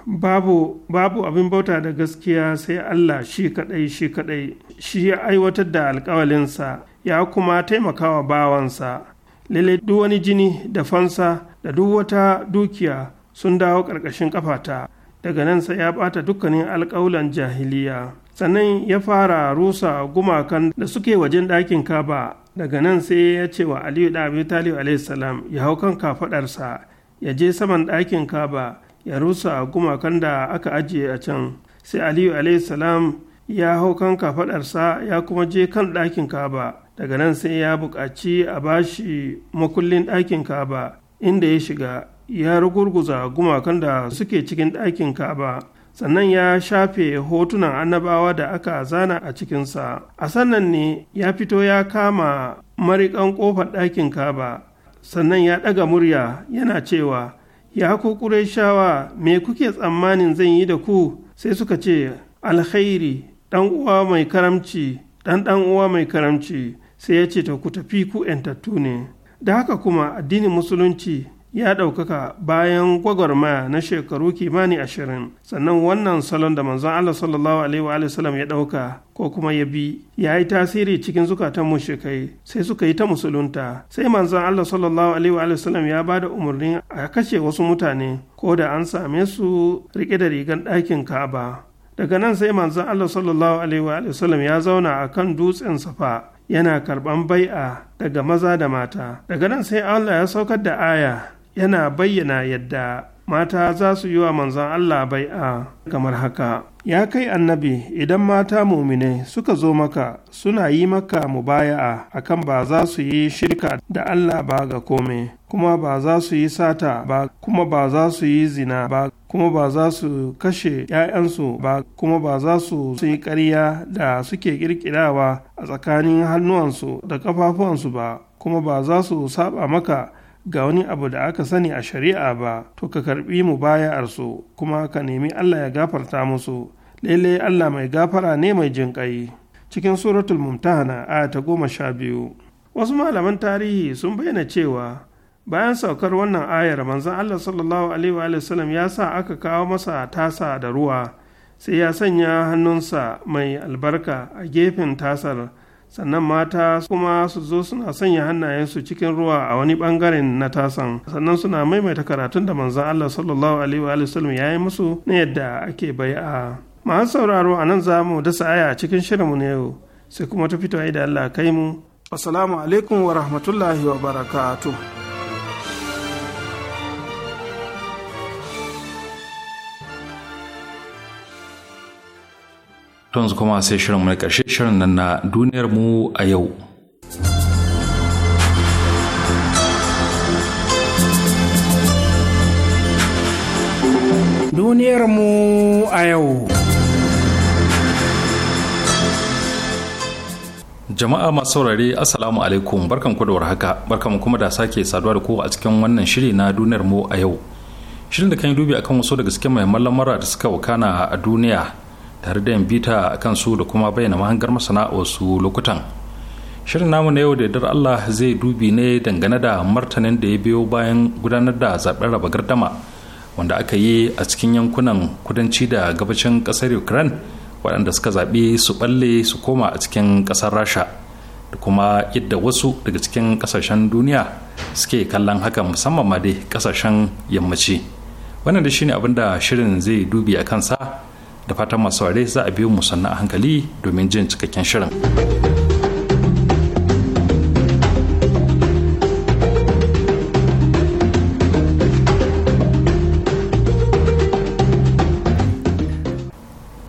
babu babu abin bauta da gaskiya sai Allah shi kadai shi kadai shi ya aiwatar da alkawalinsa ya kuma taimakawa bawansa lele duk wani jini da fansa da duk wata dukiya sun dawo ƙarƙashin ƙafata daga nan sai ya ɓata dukkanin alƙawulan jahiliya sannan ya fara rusa gumakan da suke wajen ɗakin kaba daga nan sai ya ce wa aliyu da abi talib salam ya hau kan kafaɗarsa ya je saman ɗakin kaba ya rusa gumakan da aka ajiye a can sai aliyu salam ya hau kan kafadarsa ya kuma je kan ɗakin kaba daga nan sai ya buƙaci a bashi makullin ɗakin kaba inda ya shiga ya rugurguza gumakan da suke cikin ɗakin kaba sannan ya shafe hotunan annabawa da aka zana a cikinsa a sannan ne ya fito ya kama Mariƙan ƙofar ɗakin kaba sannan ya ɗaga murya yana cewa ya ku shawa me kuke tsammanin zan yi da ku sai suka ce alkhairi ɗan uwa mai karamci ɗan ɗan uwa mai karamci sai ya ce ta ku tafi ku ‘yantattu ne da haka kuma addinin musulunci ya ɗaukaka bayan gwagwarmaya na shekaru kimani ashirin sannan wannan salon da manzon Allah sallallahu alaihi wa ya ɗauka ko kuma ya bi ya yi tasiri cikin zukatan mushrikai sai suka yi ta musulunta sai manzon Allah sallallahu alaihi wa ya ba da umarnin a kashe wasu mutane ko da an same su riƙe da rigar ɗakin Ka'aba daga nan sai manzon Allah sallallahu alaihi wa ya zauna a kan dutsen Safa yana karɓan bai'a daga maza da mata daga nan sai Allah ya saukar da aya yana bayyana yadda mata za su yi wa manzon Allah bai'a kamar haka. Ya kai annabi idan mata mumine suka zo maka suna yi maka mubaya'a akan ba za su yi shirka da Allah ba ga kome, kuma ba za su yi sata ba, kuma ba za su yi zina ba, kuma ba za su kashe ‘ya'yansu ba, kuma ba za su yi ƙarya da suke ƙirƙirawa a tsakanin hannuwansu da kafafuwansu ba, kuma ba za su saba maka ga wani abu da aka sani a shari'a ba to ka karbi mu baya'arsu kuma ka nemi Allah ya gafarta musu lele Allah mai gafara ne mai jin kai cikin suratul mumtahana aya ta goma sha biyu wasu malaman tarihi sun bayyana cewa bayan saukar wannan ayar manzon Allah sallallahu alaihi wa ya sa aka kawo masa tasa da ruwa sai ya sanya hannunsa mai albarka a gefen tasar sannan mata kuma su zo suna sanya hannayensu cikin ruwa a wani bangaren na tasan sannan suna maimaita karatun da manzan Allah sallallahu alaihi wa sallam ya yi musu na yadda ake bai'a masu sauraro a nan za mu dasa aya a cikin shirinmu na yau sai kuma ta fito da Allah kai mu assalamu alaikum wa rahmatullahi wa barakatu. To yanzu kuma sai shirin mai ƙarshe shirin nan na duniyar mu a yau. Duniyar mu a yau. Jama'a masu saurare Assalamu alaikum barkan ku da warhaka barkan kuma da sake saduwa da ku a cikin wannan shiri na duniyar mu a yau. Shirin da kan yi dubi akan wasu daga cikin muhimman lamura da suka wakana a duniya tare da bita a su da kuma bayyana mahangar masana wasu lokutan shirin namu na yau da yadda allah zai dubi ne dangane da martanin da ya biyo bayan gudanar da zaɓen raba gardama wanda aka yi a cikin yankunan kudanci da gabacin ƙasar ukraine waɗanda suka zaɓi su ɓalle su koma a cikin ƙasar rasha da kuma yadda wasu daga cikin ƙasashen duniya suke kallon haka musamman ma dai ƙasashen yammaci wannan da shine abin da shirin zai dubi a kansa da fatan masu saurare za a biyo mu sannan a hankali domin jin cikakken shirin.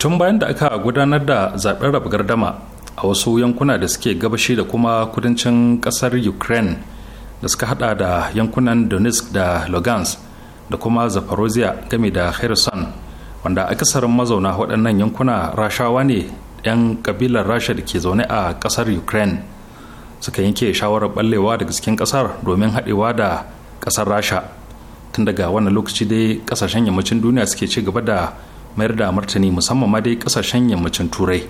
tun bayan da aka gudanar da zaɓen raba gardama a wasu yankuna da suke gabashi da kuma kudancin ƙasar ukraine da suka hada da yankunan donetsk da lugansk da kuma zaporozhia game da kherson wanda akasarin mazauna waɗannan yankuna rashawa ne 'yan kabilar rasha da ke zaune a ƙasar ukraine suka yanke shawarar ɓallewa daga cikin ƙasar domin haɗewa da ƙasar rasha tun daga wannan lokaci dai ƙasashen yammacin duniya suke ci gaba da mayar da martani musamman ma dai ƙasashen yammacin turai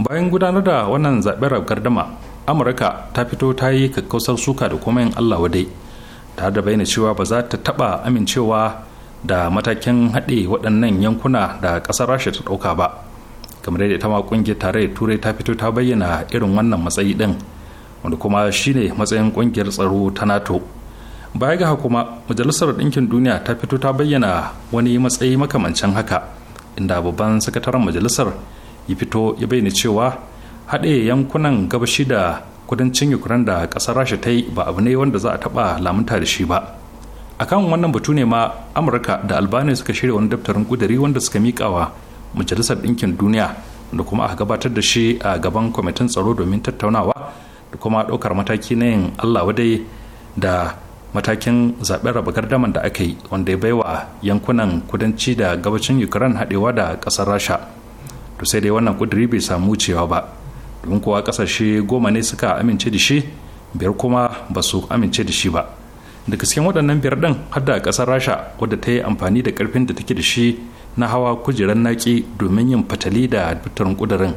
bayan gudanar da wannan zaɓen gardama amurka ta fito ta yi kakkausar suka da kuma yin allah wadai tare da bayyana cewa ba za ta taɓa amincewa da matakin haɗe waɗannan yankuna da ƙasar rasha ta ɗauka ba kamar yadda ita ma ƙungiyar tare turai ta fito ta bayyana irin wannan matsayi ɗin wanda kuma shine matsayin ƙungiyar tsaro ta nato baya ga kuma majalisar ɗinkin duniya ta fito ta bayyana wani matsayi makamancin haka inda babban sakataren majalisar ya fito ya bayyana cewa haɗe yankunan gabashi da kudancin ukraine da ƙasar rasha ta yi ba abu ne wanda za a taɓa lamunta da shi ba akan wannan batu ne ma amurka da albania suka shirya wani daftarin kudari wanda suka mikawa majalisar ɗinkin duniya da kuma aka gabatar da shi a gaban kwamitin tsaro domin tattaunawa da kuma ɗaukar mataki na yin allah wadai da matakin zaɓen raba gardaman da aka yi wanda ya bai wa yankunan kudanci da gabacin ukraine haɗewa da ƙasar rasha to sai dai wannan kuduri bai samu cewa ba domin kowa ƙasashe goma ne suka amince da shi biyar kuma ba su amince da shi ba da cikin waɗannan biyar ɗin har da ƙasar rasha wadda ta yi amfani da ƙarfin da take da shi na hawa kujerar naki domin yin fatali da dukkan ƙudurin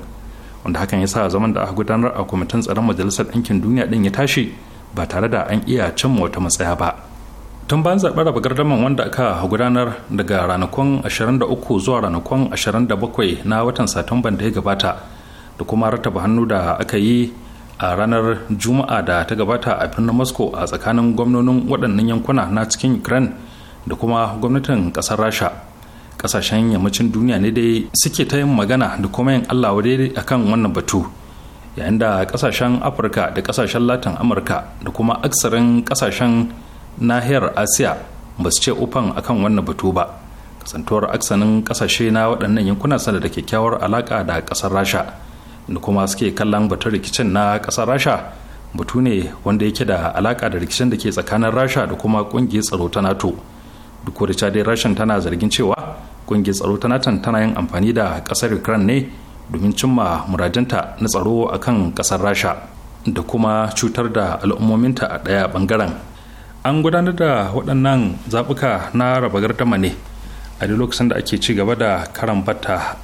wanda hakan ya sa zaman da aka gudanar a kwamitin tsaron majalisar ɗinkin duniya ɗin ya tashi ba tare da an iya cimma wata matsaya ba tun bayan zaɓen raba gardaman wanda aka gudanar daga ranakun 23 zuwa ranakun bakwai na watan satumban da ya gabata da kuma rattaba hannu da aka yi a ranar juma'a da ta gabata a birnin moscow a tsakanin gwamnonin waɗannan yankuna na cikin ukraine da kuma gwamnatin ƙasar rasha ƙasashen yammacin duniya ne dai suke ta yin magana da kuma yin allah daidai kan wannan batu yayin da ƙasashen afirka da ƙasashen latin amurka da kuma aksarin ƙasashen nahiyar asiya ba su ce ufan a kan wannan batu ba kasantuwar aksanin ƙasashe na waɗannan yankuna sanda da kyakkyawar alaƙa da ƙasar rasha da kuma suke kallon batun rikicin na ƙasar rasha batu ne wanda yake da alaƙa da rikicin da ke tsakanin rasha da kuma ƙungiyar tsaro ta nato duk da dai rashin tana zargin cewa ƙungiyar tsaro ta nato tana yin amfani da ƙasar ukraine ne domin cimma muradinta na tsaro a kan ƙasar rasha da kuma cutar da al'ummominta a ɗaya ɓangaren an gudanar da waɗannan zaɓuka na raba gardama ne a lokacin da ake ci gaba da karan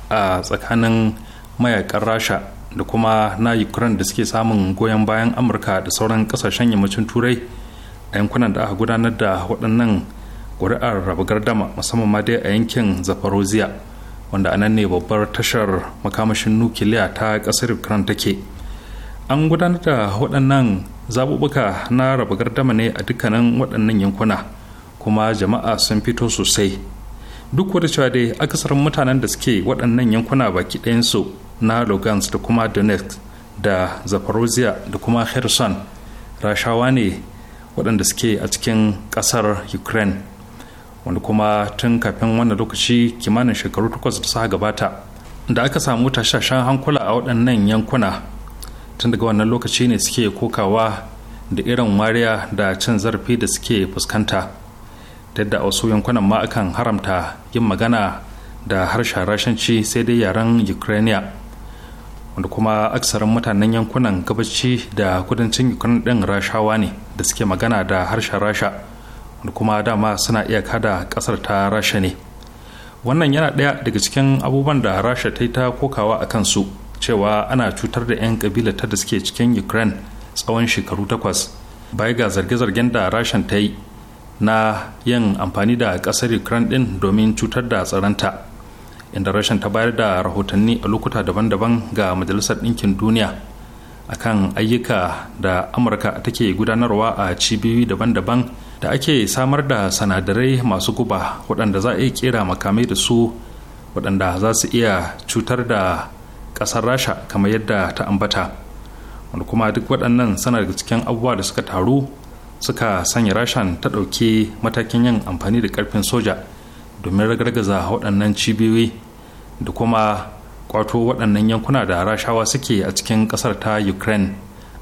a tsakanin mayakan rasha da kuma na ukraine da suke samun goyon bayan amurka da sauran kasashen yammacin turai a yankunan da aka gudanar da waɗannan ƙuri'ar rabu gardama musamman ma dai a yankin zaporozhia wanda anan ne babbar tashar makamashin nukiliya ta ƙasar ukraine take an gudanar da waɗannan zaɓuɓɓuka na rabu gardama ne a dukkanin waɗannan yankuna kuma jama'a sun fito sosai duk wata cewa dai akasarin mutanen da suke waɗannan yankuna baki ɗayan su. na lugansk da kuma donetsk da zaporozhia da kuma kherson rashawa ne waɗanda suke a cikin ƙasar ukraine wanda kuma tun kafin wannan lokaci kimanin shekaru takwas da suka gabata da aka samu tashashen hankula a waɗannan yankuna tun daga wannan lokaci ne suke kokawa da irin wariya da cin zarafi da suke fuskanta da yadda wasu yankunan ma akan haramta yin magana da harshen rashanci sai dai yaren ukraine wanda kuma aksarin mutanen yankunan gabaci da kudancin ukraine ɗin rashawa ne da suke magana da harshen rasha wanda kuma dama suna iya kada kasar ta rasha ne wannan yana ɗaya daga cikin abubuwan da rasha ta yi ta kokawa a kansu cewa ana cutar da 'yan kabila ta da suke cikin ukraine tsawon shekaru takwas baya ga zarge-zargen da rashan ta yi na yin amfani da ƙasar ukraine ɗin domin cutar da tsaronta inda rashin ta bayar da rahotanni a lokuta daban-daban ga majalisar ɗinkin duniya akan ayyuka da amurka take gudanarwa a cibiyoyi daban-daban da ake samar da sanadarai masu guba waɗanda za a iya kera makamai da su waɗanda za su iya cutar da ƙasar rasha kamar yadda ta ambata wanda kuma duk waɗannan sanar da cikin abubuwa da suka taru suka sanya rashan ta ɗauki matakin yin amfani da ƙarfin soja domin ragargaza waɗannan cibiyoyi da kuma kwato waɗannan yankuna da rashawa suke a cikin ƙasar ta ukraine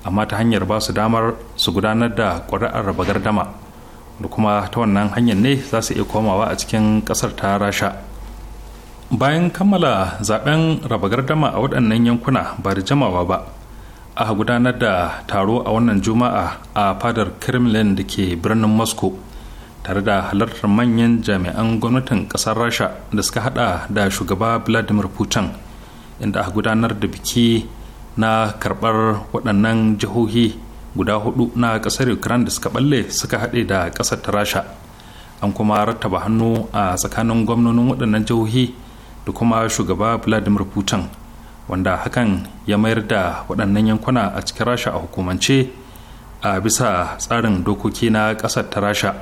amma ta hanyar ba su damar su gudanar da ƙuri'ar raba gardama da kuma ta wannan hanyar ne za su iya komawa a cikin ƙasar ta rasha bayan kammala zaben raba gardama a waɗannan yankuna ba da jamawa ba aka gudanar da taro a wannan juma'a a fadar kremlin da ke birnin moscow tare da halartar manyan jami'an gwamnatin kasar rasha da suka hada da shugaba vladimir putin inda aka gudanar da biki na karbar waɗannan jihohi guda hudu na kasar ukraine da suka balle suka haɗe da kasar ta rasha an kuma rattaba hannu a tsakanin gwamnonin waɗannan jihohi da kuma shugaba vladimir putin wanda hakan ya mayar da waɗannan yankuna a cikin rasha a hukumance a bisa tsarin dokoki na ƙasar ta rasha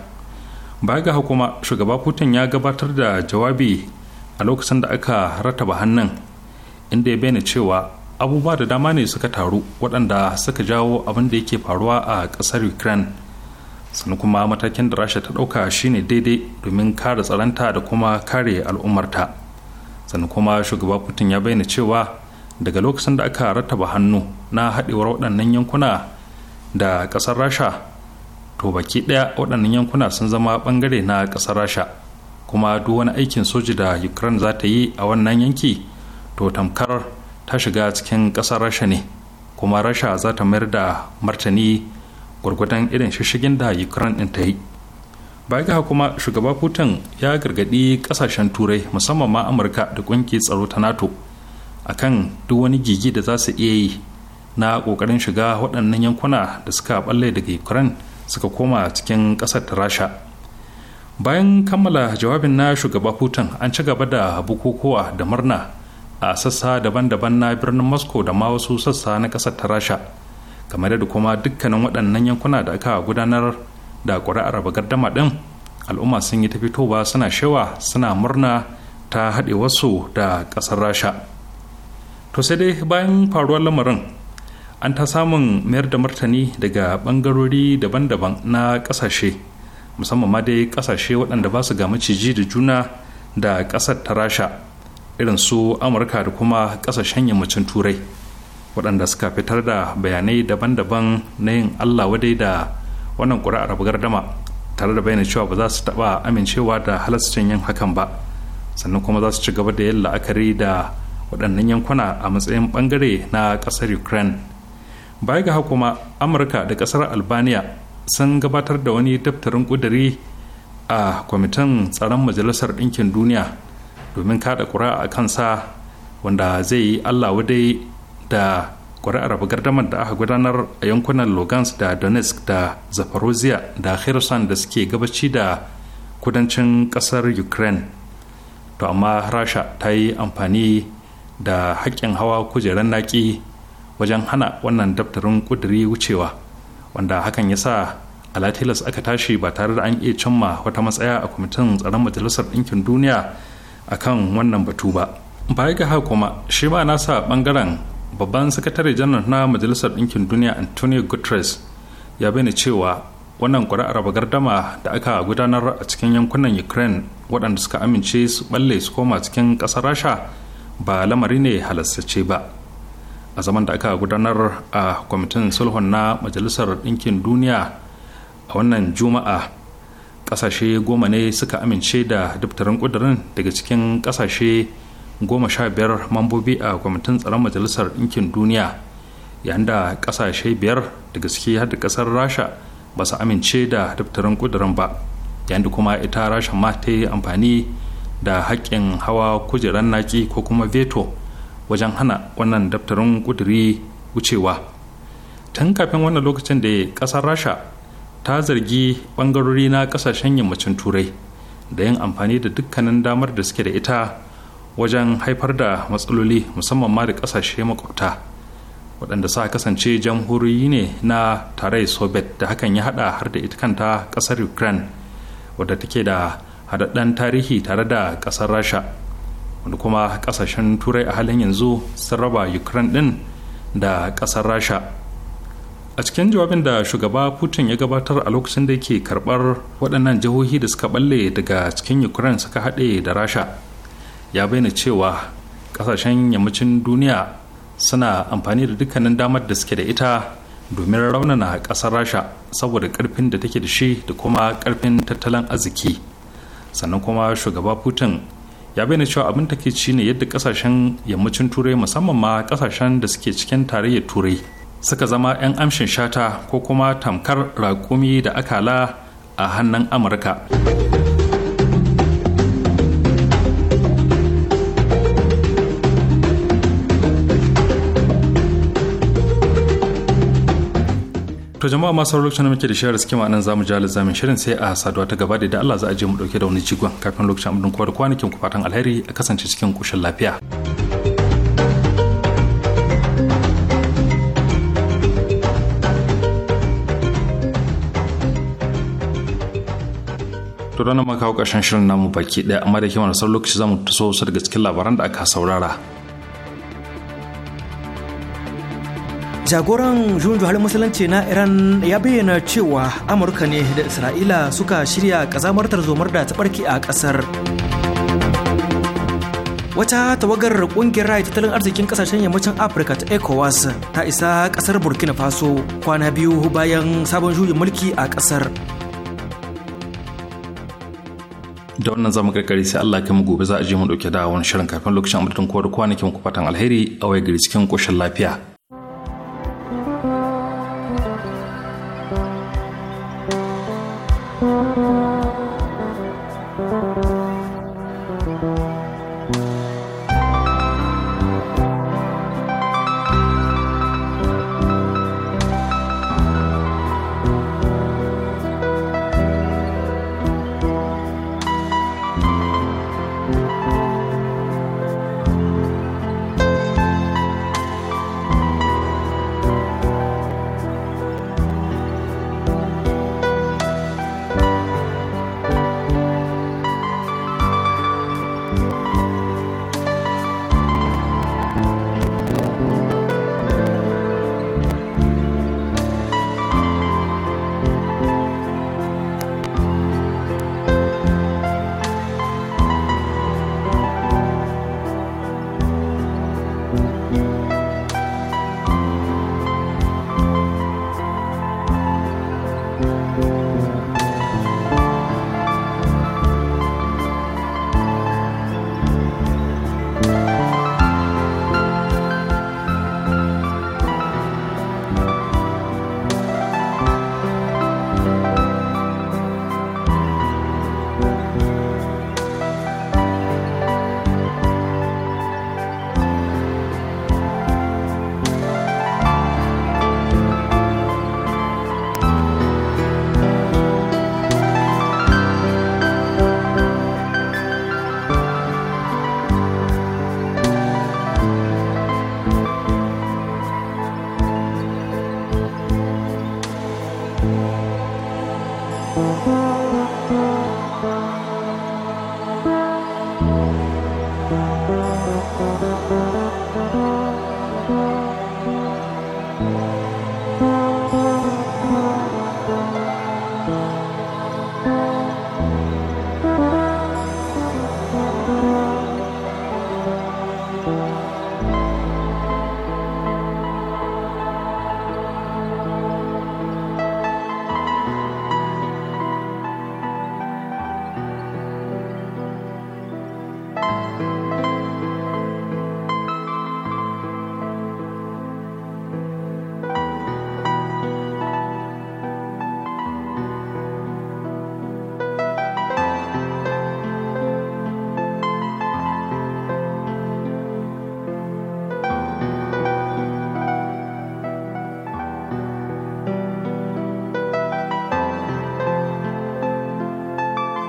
baya ga hukuma shugaba putin ya gabatar da jawabi a lokacin da aka rataba hannun inda ya bayyana cewa abubuwa da dama ne suka taru waɗanda suka jawo abin da yake faruwa a ƙasar ukraine sannan kuma matakin da rasha ta ɗauka shine daidai domin kare tsaranta da kuma kare al'ummarta sannan kuma shugaba putin ya bayyana cewa daga lokacin da aka rataba hannu na haɗewar waɗannan yankuna da ƙasar rasha to baki ɗaya waɗannan yankuna sun zama ɓangare na ƙasar rasha kuma duk wani aikin soji da ukraine za ta yi a wannan yanki to tamkar ta shiga cikin ƙasar rasha ne kuma rasha za ta mayar da martani gwargwadon irin shishigin da ukraine ɗin ta yi baya ga kuma shugaba putin ya gargaɗi ƙasashen turai musamman ma amurka da ƙungiyar tsaro ta nato akan duk wani gigi da za su iya yi na ƙoƙarin shiga waɗannan yankuna da suka ɓalle daga ukraine suka koma cikin ƙasar ta rasha bayan kammala jawabin na shugaba putin an ci gaba da bukukuwa da murna a sassa daban-daban na birnin moscow da ma wasu sassa na ƙasar ta rasha kamar da kuma dukkanin waɗannan yankuna da aka gudanar da ƙuri'ar bagardama ɗin al'umma sun yi ta fitowa suna shewa suna murna ta haɗe wasu da ƙasar rasha to sai dai bayan faruwar lamarin an ta samun mayar da martani daga bangarori daban-daban na kasashe musamman ma dai kasashe waɗanda ba su ga maciji da juna da ƙasar ta rasha irin su amurka da kuma ƙasashen yammacin turai waɗanda suka fitar da bayanai daban-daban na yin allah wadai da wannan ƙuri'ar gardama tare da bayyana cewa ba za su taɓa amincewa da halascin yin hakan ba sannan kuma za su ci gaba da yin la'akari da waɗannan yankuna a matsayin ɓangare na ƙasar ukraine baya ga kuma amurka da kasar albania sun gabatar da wani daftarin kudiri a kwamitin tsaron majalisar ɗinkin duniya domin kada ƙuri'a a kansa wanda zai yi allah wadai da ƙuri'ar gardamar da aka gudanar a yankunan logans da donetsk da zaporozhia da kherson da suke gabaci da kudancin ƙasar ukraine to amma rasha ta yi amfani da haƙƙin hawa kujerar naƙi wajen hana wannan daftarin kuduri wucewa wanda hakan ya sa alatilas aka tashi ba tare da an iya cimma wata matsaya a kwamitin tsaron majalisar ɗinkin duniya a kan wannan batu ba baya ga haka kuma shi ma nasa bangaren babban sakatare janar na majalisar ɗinkin duniya antonio guterres ya bayyana cewa wannan ƙuri'ar bagardama da aka gudanar a cikin yankunan ukraine waɗanda suka amince su balle su koma cikin ƙasar rasha ba lamari ne halassace ba a zaman da aka gudanar a kwamitin sulhun na majalisar ɗinkin duniya a wannan juma'a ƙasashe goma ne suka amince da daftarin ƙudurin daga cikin ƙasashe goma sha biyar mambobi a kwamitin tsaron majalisar ɗinkin duniya yayin da ƙasashe biyar daga ciki har da ƙasar rasha ba su amince da daftarin ƙudurin ba yayin da kuma ita rasha ma ta yi amfani da haƙƙin hawa kujerar naƙi ko kuma veto wajen hana wannan daftarin kuduri wucewa tun kafin wannan lokacin da ƙasar rasha ta zargi ɓangarori na ƙasashen yammacin turai da yin amfani da dukkanin damar da suke da ita wajen haifar da matsaloli musamman ma da ƙasashe makwabta waɗanda sa kasance jamhuriyi ne na tarayyar soviet da hakan ya haɗa har da ita kanta ƙasar ukraine wadda take da haɗaɗɗen tarihi tare da ƙasar rasha wanda kuma kasashen turai a halin yanzu sun raba ukraine din da kasar rasha a cikin jawabin da shugaba putin ya gabatar a lokacin da yake karbar waɗannan jihohi da suka balle daga cikin ukraine suka haɗe da rasha ya bayyana cewa kasashen yammacin duniya suna amfani da dukkanin damar da suke da ita domin raunana ƙasar rasha saboda ƙarfin da take da shi da kuma ƙarfin tattalin arziki sannan kuma shugaba putin ya bayyana cewa abin ci ne yadda kasashen yammacin turai musamman ma kasashen da suke cikin tarayyar turai suka zama 'yan amshin shata ko kuma tamkar raƙumi da akala a hannun amurka to jama'a masu lokacin da muke da shirin sikima nan zamu ji zamin shirin sai a saduwa ta gaba da Allah za a je mu dauke da wani jigon kafin lokacin abin kowa da kwanakin ku fatan alheri a kasance cikin kushin lafiya. to ranar makawo kashin shirin namu baki daya amma da kimar sau lokaci zamu taso su daga cikin labaran da aka saurara jagoran juyin halin musulunci na iran ya bayyana cewa amurka ne da isra'ila suka shirya kazamar tarzomar da ta a kasar wata tawagar kungiyar raya tattalin arzikin kasashen yammacin afirka ta ecowas ta isa kasar burkina faso kwana biyu bayan sabon juyin mulki a kasar da wannan zamu kakari sai Allah kai mu gobe za a je mu dauke da wani shirin kafin lokacin amurtun kowar kwanakin ku fatan alheri a waya gari cikin koshin lafiya